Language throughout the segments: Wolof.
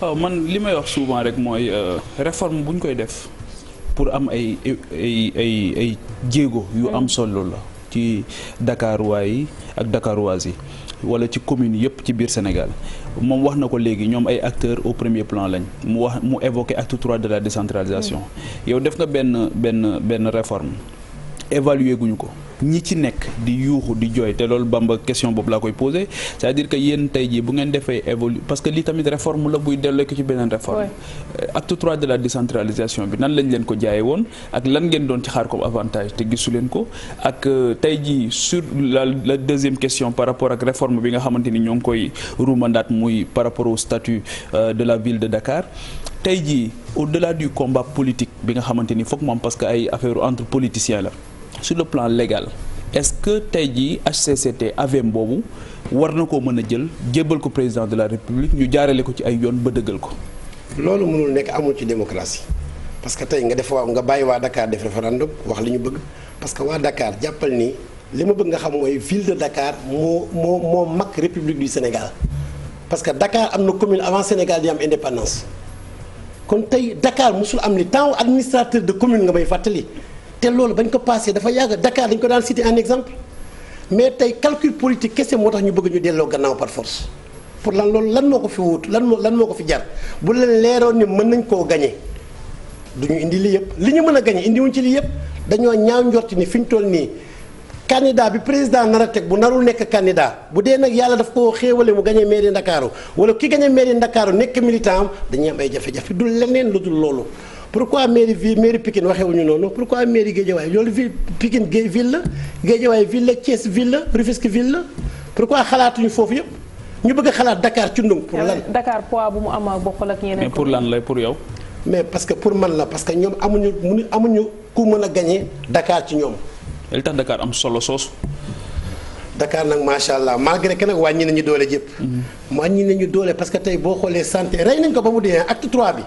waaw euh, man li may wax souvent rek mooy euh, réforme bu ñu koy def pour am ay ay ay ay jéego yu am mm. solo la ci Dakarois yi ak Dakaroises yi wala ci commune yëpp ci biir Sénégal moom wax na ko léegi ñoom ay acteur au premier plan lañ mu wax mu évoqué acte trois de la décentralisation mm. yow def nga benn benn benn réforme évaluer guñu ko ñi ci nekk di yuuxu di jooy te loolu bamba question boobu laa koy posé c'est-à-dire que yéen tey jii bu ngeen defee évolue parce que lii tamit réforme la buy delloo ko ci beneen réforme. Euh, acte trois de la décentralisation bi nan lañ leen ko jaayee woon ak lan ngeen doon ci xaar comme avantage te gisu leen ko ak euh, tey jii sur la la deuxième question par rapport ak réforme bi nga xamante ni ñoo ngi koy ruumandaat muy par rapport au statut euh, de la ville de Dakar. tey jii au-delà du combat bi nga xamante ni foog mu parce que ay affaire entre la su le plan légal est-ce que tey jii HCCT AVM boobu war na koo mën a jël jébbal ko président de la république ñu jaarale ko ci ay yoon ba dëggal ko. loolu mënul nekk amul ci démocratie parce que tey nga def waa nga bàyyi waa Dakar def référendum wax li ñu bëgg parce que waa dakaar jàppal ni li ma bëgg nga xam mooy ville de dakaar moo moo moo mag république du Sénégal parce que Dakar am na commune avant Sénégal di am indépendance kon tey Dakar mosul am li temps administrateur de commune nga may fàttali. te loolu bañ ko passé dafa yàgg Dakar dañ ko daan cité en exemple mais tey calcul politique kese moo tax ñu bëgg ñu delloo gannaaw par force pour lan loolu lan moo ko fi wut lan moo lan moo ko fi jar bu leen leeroon ni mën nañ koo gañe du ñu indi li yëpp li ñu mën a gañe indiwuñ ci lii yëpp dañoo ñaaw njorti ni fi ñu toll nii candidat bi président nar a teg bu narul nekk candidat bu dee nag yàlla daf ko xéewale mu gañe mairie Ndakaaru wala ki gañe mairie Ndakaaru nekk militant am dañuy am ay jafe-jafe du leneen lu dul loolu pourquoi mairie ville mairie Pikine waxewuñu noonu pourquoi mairie Guédiawaye loolu ville Pikine ville la Guédiawaye ville la Thiès ville la Rufisque xalaatuñu foofu yëpp ñu bëgg xalaat dakaar ci ndung pour lan Dakar poids bu mu am ak bokkul ak yeneen mais pour lan lay pour yow. mais parce que pour man la parce que ñoom amuñu munu amuñu ku mën a gagné dakaar ci ñoom. li tax Dakar am solo soosu. Dakar nag macha allah malgré que nag wàññi nañu doole jëpp. Mm-hmm. wàññi nañu doole parce que tey boo xoolee santé rey nañ ko ba mu dee acte bi.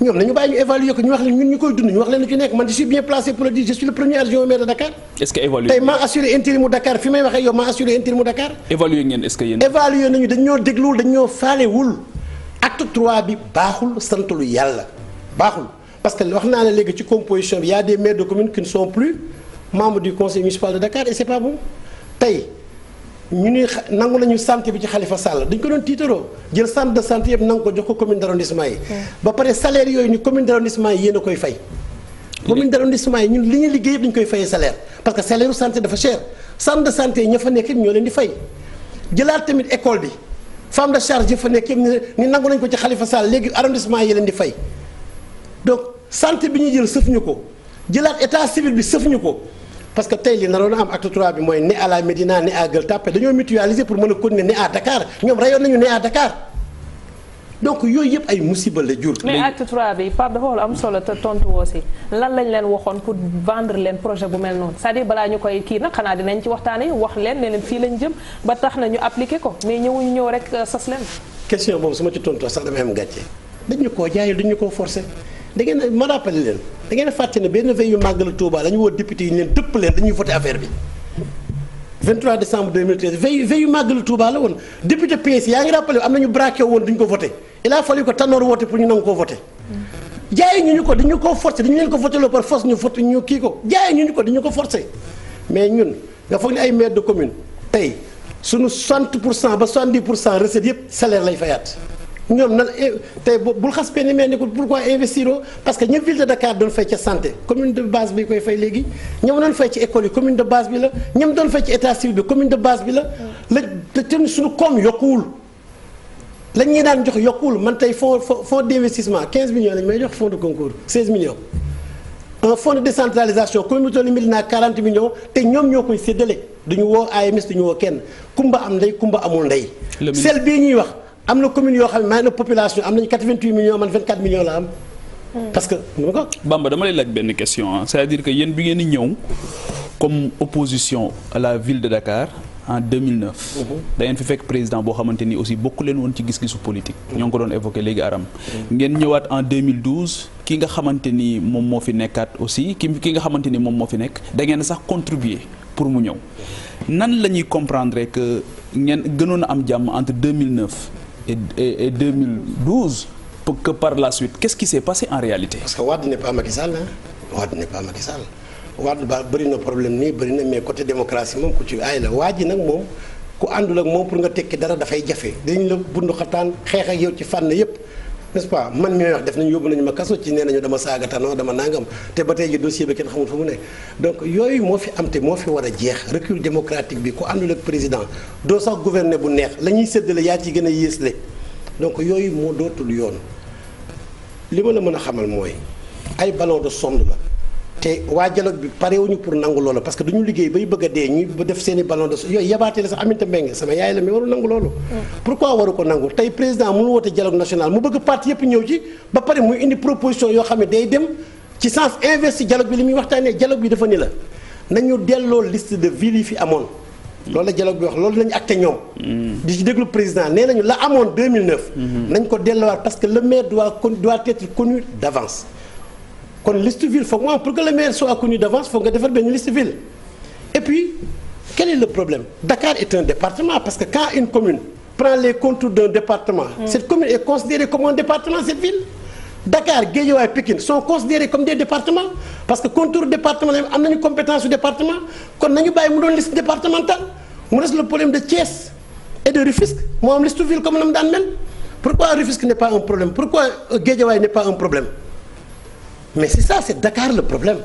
ñoom nañu bàyyi ñu évaluer ko ñu wax leen ñun ñu koy dund ñu wax leen ci nekk man je suis bien placé pour le dire je suis premier adjoint au de Dakar. est-ce que évaluer tey Dakar fi may waxee yow maa assuré intérimu Dakar. évaluer nañu dañ ñoo dégluwul dañ ñoo faalewul acte trois bi baaxul santalu yàlla baaxul parce que wax naa la léegi ci composition bi y a des maires de communes qui ne sont plus membres du conseil municipal de Dakar et c'est ñu ni nangu nañu santé bi ci Khalifa Sall dañ ko doon tiitaroo jël sante de santé yëpp nangu ko jox ko commune d'arrondissement yi. ba pare salaire yooyu ni commune d'arrondissement yi yéen a koy fay. commune d'arrondissement yi ñun li ñu liggéey yëpp dañu koy fayee salaire parce que salaire santé dafa cher centre de santé yi ña fa nekk ñoo leen di fay jëlaat tamit école bi femme de charge yi fa nekk yëpp ni nangu nañ ko ci Khalifa Sall léegi arrondissement yi leen di fay donc santé bi ñuy jël sëf ñu ko jëlaat état civil bi sëf ko. parce que tey li naroon a am acte 3 bi mooy ne à la Médina ne à Gueule Tapée dañoo mutualiser pour mën a continuer ne à Dakar ñoom rayoon nañu ne à Dakar donc yooyu yëpp ay musiba la jur. mais acte 3 bi Pape dafa am solo te tontu woo si lan lañ leen waxoon pour vendre leen projet bu mel noonu cest à balaa ñu koy kii nag xanaa dinañ ci waxtaanee wax leen ne leen fii lañ jëm ba tax na ñu appliqué ko mais ñëwuñu ñëw rek euh, sas leen. question boobu ma ci tontu sax damay am gàcce dañ ñu koo jaayal dañ ñu da ngeen a ma rappelé leen da ngeen a fàtte ne benn veille yu màggal Touba la ñu woo député yi ñu leen dëpp leen dañuy voté affaire bi 23 décembre 2013 veille veille yu màggal la woon député PS yaa ngi rappelé am nañu braqué woon duñ ko voté il a fallu ko Tanor woote pour ñu nangu koo voté jaay ñu ñu ko dañu ko forcé dañu leen ko voté loo par force ñu voté ñu kii ko jaay ñu ñu ko dañu ko forcé mais ñun nga foog ne ay maire de commune tey suñu 60 pour cent ba 70 pour cent recette yëpp salaire lay ñoom nan eh, tey bul xas benn mais ne ko pourquoi investir parce que ñëpp ville de Dakar doon fay ca santé commune de base bi koy fay léegi ñoom doon fay ci école yi commune de base bi la ñoom doon fay ci état civil bi commune de base bi la mm. la te tamit suñu koom yokkuwul lañ daan jox yokkuwul man tey fonds fonds d'investissement 15 millions lañ may jox fonds de concours 16 millions un fonds de décentralisation communauté limite naa 40 millions te ñoom ñoo koy séddale duñu woo AMS duñu woo kenn kumba am ndey kumba amul ndey sel bii ñuy wax am na commune yoo xam ne maa la population am nañu 88 millions man 24 millions la am. Hmm. parce que Bamba dama lay laaj benn question ah c'est-à-dire que yéen bi ngeen di ñëw comme opposition à la ville de Dakar en 2009. Mm-hmm. da ngeen fi fekk président boo xamante ni aussi bokk leen woon ci gis-gisu politique. ñoo ngi ko doon évoqué léegi Aram. Mm-hmm. ngeen ñëwaat en 2012 ki nga xamante ni moom moo fi nekkaat aussi ki ki nga xamante ni moom moo fi nekk da ngeen sax contribuer pour mu ñëw nan la ñuy comprendre ngeen gënoon a am jàmm entre 2009. et, et, et 2012 que par la suite qu'est-ce qui s'est en réalité. parce que Wade n'est pas Macky Sall ah Wade n'est pas Macky Sall ba bëri na problème nii bëri na mais coté démocratie moom ku ci aay la waa ji nag moom ku àndul ak moom pour nga tekki dara dafay jafe. dañ la bundu xataan xeex ak yow ci fànn yëpp. nest pa man mi wax def nañu yóbbu nañu ma kaso ci nee nañu dama saaga tanoo dama nangam te ba tey ji dossier bi kenn xamul fu mu nekk donc yooyu moo fi am te moo fi war a jeex recul démocratique bi ku àndul ak président doo sax gouverner bu neex la ñuy séddale yaa ci gën a yéesle donc yooyu moo dootul yoon li ma la mën a xamal mooy ay ballon de sonde la te waa dialogue bi parewuñu pour nangu loolu parce que duñu liggéey bay bëgg a dee ñuy ba def seen i ballon de yooyu yabaatee la sax Aminata Mbengue sama yaay la mais waru nangu loolu pourquoi waru ko nangu tey président mënu woote dialogue national mu bëgg parti yëpp ñëw ci ba pare muy indi proposition yoo xam ne day dem ci sens investi dialogue bi li muy waxtaanee dialogue bi dafa ni la nañu delloo liste de villes yi fi amoon loolu la dialogue bi wax loolu lañu acté ñoom mm. di ci déglu président nee nañu la amoon 2009 mm-hmm. nañ ko delloowaat parce que le maire kon liste ville foog mu pour que le maire soit connu d'avance foog nga defar benn liste ville et puis quel est le problème Dakar est un département parce que quand une commune prend les contours d'un département mmh. cette commune est considérée comme un département cette ville Dakar Guédiawaye Pikine sont considérés comme des départements parce que contour département la am nañu compétence su département kon nañu bàyyi mu doon liste départementale mu des le problème de Thiès et problème euh, mais c'est ça c'est Dakar le problème.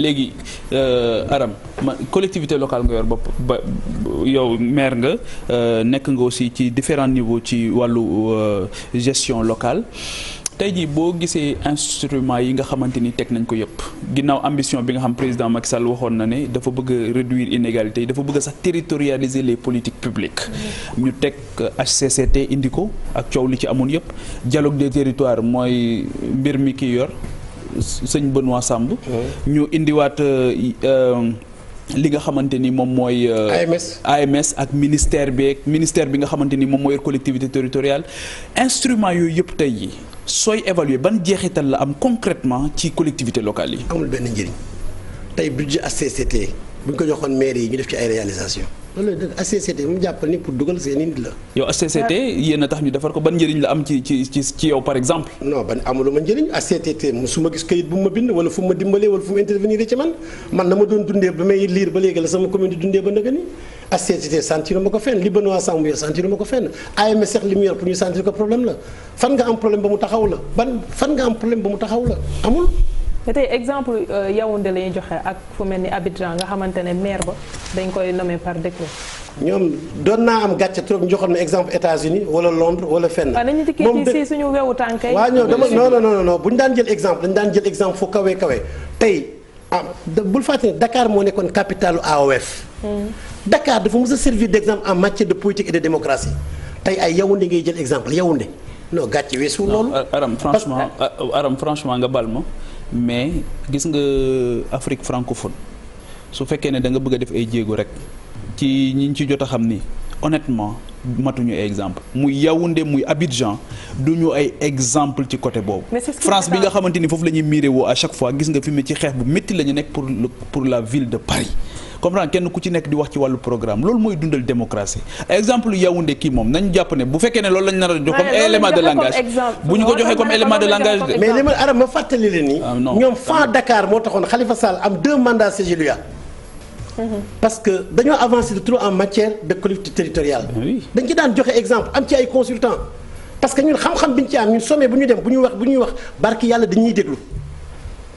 léegi euh, Aram ma collectivité locale nga yor bopp ba yow maire nga euh, nekk nga aussi ci différent niveau ci wàllu euh, gestion locale tey jii boo gisee instruments yi nga xamante ni teg nañ ko yëpp ginnaaw ambition bi nga xam président Macky Sall waxoon na ne dafa bëgg a réduire inégalité yi dafa bëgg sax territorialiser les politiques publiques ñu teg HCCT indi ko ak coow li ci amoon yëpp dialogue des territoires mooy mbir mi ki yor bën Benoît sàmb ñu indiwaat euh, li nga xamante ni moom mooy. Euh, AMS AMS ak ministère bi ministère bi nga xamante ni moom mooy collectivité territoriale instrument yooyu yëpp tey yi sooy évaluer ban jeexital la am concrètement ci collectivité locale yi. amul benn njëriñ tey budget ACCT bu ñu ko joxoon maire yi ñu def ci ay réalisation loolu dëgg HCCT mu jàppal ni pour dugal seen i la. yow HCCT ah. yéen a tax ñu defar ko ban njëriñ la am ci ci ci ci yow par exemple. non ban amuluma njëriñ HCCT su ma gis kayit bu ma bind wala fu ma dimbalee wala fu ma intervenir ci man man na ma doon dundee ba may liir ba léegi la sama commune di dundee ba nëgë ni HCCT sentir ma ko fenn li Benoît Sambou yor sentir ma ko fenn AMS sax li mu yor pour ñu sentir ko problème la fan nga am problème ba mu taxaw la ban fan nga am problème ba mu taxaw la amul. mais tey exemple euh, Yaoundé la ñuy joxe ak fu mel ni Abidjan nga xamante ne maire ba dañ koy nommé par décret. ñoom doon naa am gàcce trop ñu joxoon na exemple États-Unis wala Londres wala fenn. moom ah, nañu dikkee ci suñu wewu tànk yi. waaw bu ñu daan jël exemple dañu daan jël exemple fu kawee kawee tey ah bul fàtte ne Dakar moo nekkoon capitalu AOF. Hmm. dakaar dafa mës a servir d'exemple en matière de politique et de démocratie tey ay Yaoundé ngay jël exemple Yaoundé non gàcce weesu loolu. aram franchement aram franchement bal ma. mais gis nga Afrique francophone su fekkee ne da nga bëgg a def ay jéego rek ci ñi ci jot a xam ni honnêtement matuñu ay exemple muy Yaoundé muy Abidjan du ñu ay exemple ci côté boobu France bi nga xamante ni foofu la ñuy miiré woo à chaque fois gis nga fi mu ci xeex bu métti la ñu nekk pour pour la ville de Paris comprendre kenn ku ci nekk di wax ci wàllu programme loolu mooy dundal démocratie exemple Yaoundé kii moom nañu jàpp ne bu fekkee ne loolu lañ nar a jox comme élément de langage bu ñu ko joxee comme élément de langage de ah, mhm. parce que dañoo avancé de trop en matière de collectivité territoriale ah dañ ci daan joxe exemple am ci ay consultants parce que ñun xam-xam bi ñu ci am ñun sommet bu ñu dem bu ñuy wax bu ñuy wax barki yàlla dañuy déglu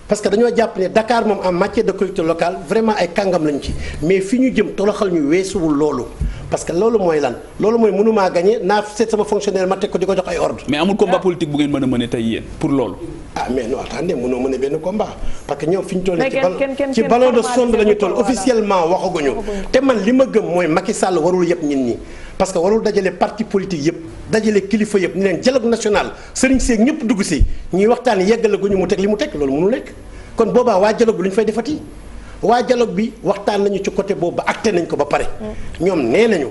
parce que dañoo jàpp ne Dakar moom en matière de collectivité locale vraiment ay kàngam lañu ci mais fi ñu jëm toroxal ñu weesuwul loolu parce que loolu mooy lan loolu mooy mënumaa gagné naa seet sama fonctionnaire ma teg ko di ko jox ay ordre mais amul combat politique bu ngeen mën a mën a tey yéen pour loolu. ah mais non attendez mënoo mën benn combat parce que ñoom fi ñu toll nii. ci ballon de sonde la ñu toll officiellement waxaguñu. te man li ma gëm mooy Macky Sall warul yëpp ñin ñi parce que warul dajale parti politique yëpp. dajale kilifa yëpp ni leen dialogue national sëriñ seeg ñëpp dugg si ñuy waxtaan yeggale gu ñu mu teg li mu teg loolu mënul nekk kon boobaa waa dialogue bi lu ñu fay defati waa dialogue bi waxtaan nañu ci côté boobu ba acté nañ ko ba pare ñoom nee nañu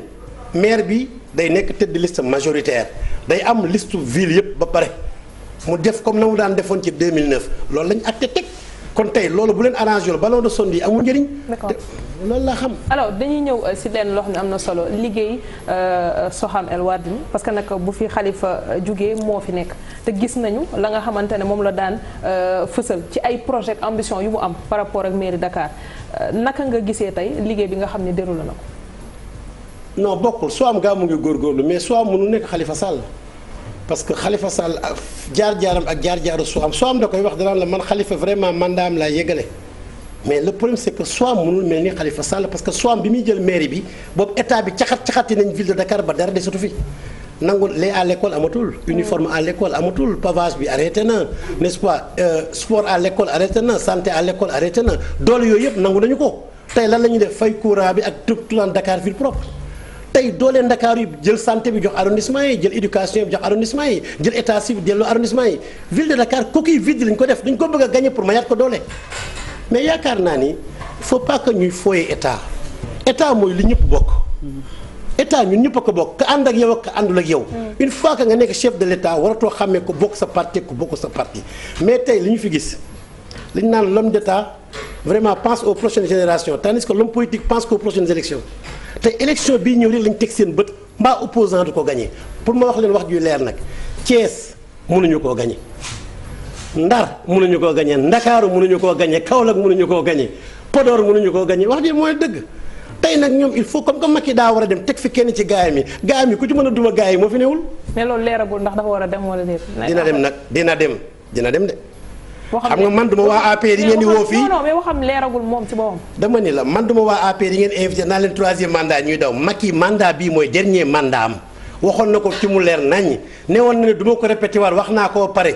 maire bi day nekk tête de liste majoritaire day am liste ville yëpp ba pare mu def comme na mu daan defoon ci 2009 loolu lañ acté teg kon tey loolu bu leen arrangé woon ballon de sonde ak mu njëriñ. loolu laa xam. alors dañuy ñëw euh, si leen loo mi am na solo liggéey euh, Soham El Wardini parce que nag bu fi xalifa euh, jógee moo fi nekk te gis nañu la nga xamante ne moom la daan fësal ci ay projet ambition yu mu am par rapport ak mairie Dakar naka nga gisee tey liggéey bi nga xam ni ne la na ko. non bokkul soo am gaa mu ngi góorgóorlu mais soo am mënu nekk xalifa Sall. parce que xalifa Sall jaar-jaaram ak jaar-jaaru soo am soo da koy wax danaan la man Khalifa vraiment am laa yëgale mais le problème c' que soo mënul mel ni xalifa Sall parce que soo am bi muy jël mairie bi boobu état bi caxat caxati nañ ville de Dakar ba dara desatu fi nangu lee à l' école amatul uniforme à l' amatul pavage bi arrêté na n' est euh, sport à l' école arrêté na santé à l' école arrêté na doole yooyu yëpp nangu nañu ko tey lan la ñuy def fay courant bi ak tout Dakar ville propre tey doole ndakaar yi jël santé bi jox arrondissement yi jël éducation bi jox arrondissement yi jël état civil delloo arrondissement yi ville de Dakar coquille vide lañ ko def dañ ko bëgg a gagné pour mayaat ko doole mais yaakaar naa ni foo faut pas que ñuy fooyee état état mooy li ñëpp bokk. état ñun ñëpp a ko bokk ka ànd ak yow ak àndul ak yow. Mm. une fois que nga nekk chef de l' état waratoo xàmmee ko bokk sa parti ko bokk sa parti mais tey li ñu fi gis li ñu naan l'homme d' état vraiment pense aux prochaines générations tandis que l'homme politique pense aux prochaines élections. te élection bii ñëw rek lañ teg seen bët mbaa opposant ko gagné pour ma wax leen wax ju leer nag Thiès mënuñu koo gagné Ndar mënuñu koo gagné Ndakaaru mënuñu koo gagné Kaolack mënuñu koo gagné Podor mënuñu koo gagné wax ji mooy dëgg. tey nag ñoom il faut comme que yi daa war a dem teg fi kenn ci gaayam yi gaayam yi ku ci a duma gaay yi moo fi newul. mais loolu leeragul ndax dafa war a dem wala déet. dina dem nag dina dem dina dem de. xam nga man duma waa APR yi ngeen di woo fii non mais waxam leeragul moom ci boppam dama ni la man duma waa APR yi ngeen invité naa leen troisième mandat ñuy daw Macky mandat bii mooy dernier mandat am waxoon na ko ci mu leer naññ ne woon na ne du ma ko répété waat wax naa ko pare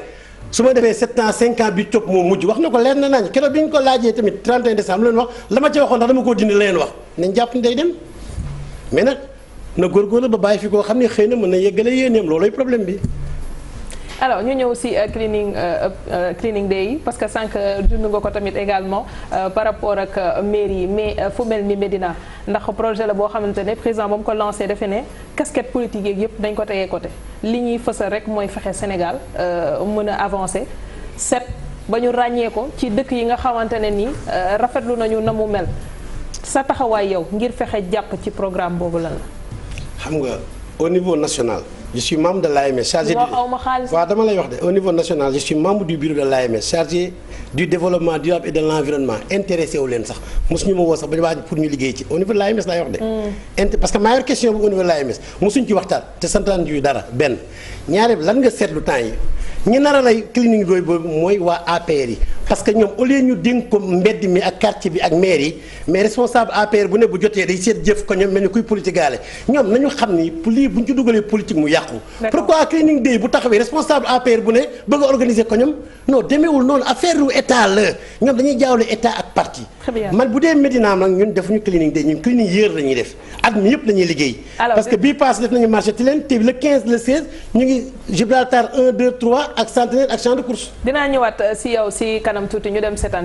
su ma defee 7 ans 5 ans bi topp moo mujj wax na ko leer na nañ keroog bi ñu ko laajee tamit 31 décembre la leen wax la ma ca waxoon ndax dama koo dindi la leen wax nañ jàpp ni day dem mais nag na góorgóorlu ba bàyyi fi koo xam ne xëy na mën na yeggale yéeneem loolooy problème bi alors ñu ñëw si euh, cleaning euh, euh, cleaning day yi parce que sànq dund nga ko tamit également par rapport ak mairie yi mais fu mel ni Médina ndax projet la boo xamante ne président ba mu ko lancé defe ne casquette politique yeeg yëpp dañ ko tegee côté li ñuy fësal rek mooy fexe Sénégal mën a avancer set ba ñu ràññee ko ci dëkk yi nga xamante ne nii rafetlu nañu na mel sa taxawaay yow ngir fexe jàpp ci programme boobu lan la. xam nga au niveau national. je suis membre de l'AMS chargé waaw dama lay wax de au niveau national je suis du bureau de l'AMS chargé du développement durable et de l'environnement intéressé leen sax mosuñu ma woo sax ba ñu waaj pour ñu liggéey ci au niveau de l'AMS laay wax de hmm. int parce que maa yor question bu au niveau de l'AMS mosuñ ci waxtaan te santaan ju dara benn ñaareel lan nga seetlu temps yi ñu nar a lay clinique boobu mooy waa APR yi parce que ñoom au ñu dénk ko mbedd mi ak quartier bi ak maire yi mais responsable APR bu ne bu jotee day seet jëf ko ñoom mel ni kuy politique ñoom nañu xam ni bu ñu ci dugalee politique mu yàqu pourquoi cleaning day bu taxawee responsable APR bu ne bëgg a organiser ko ñoom noonu affaire u état la ñoom dañuy jaawle état ak parti man bu dee Médina nag ñun defuñu cleaning day ñun cleaning yéer la def at yëpp la ñuy kanam tuuti ñu dem seetaan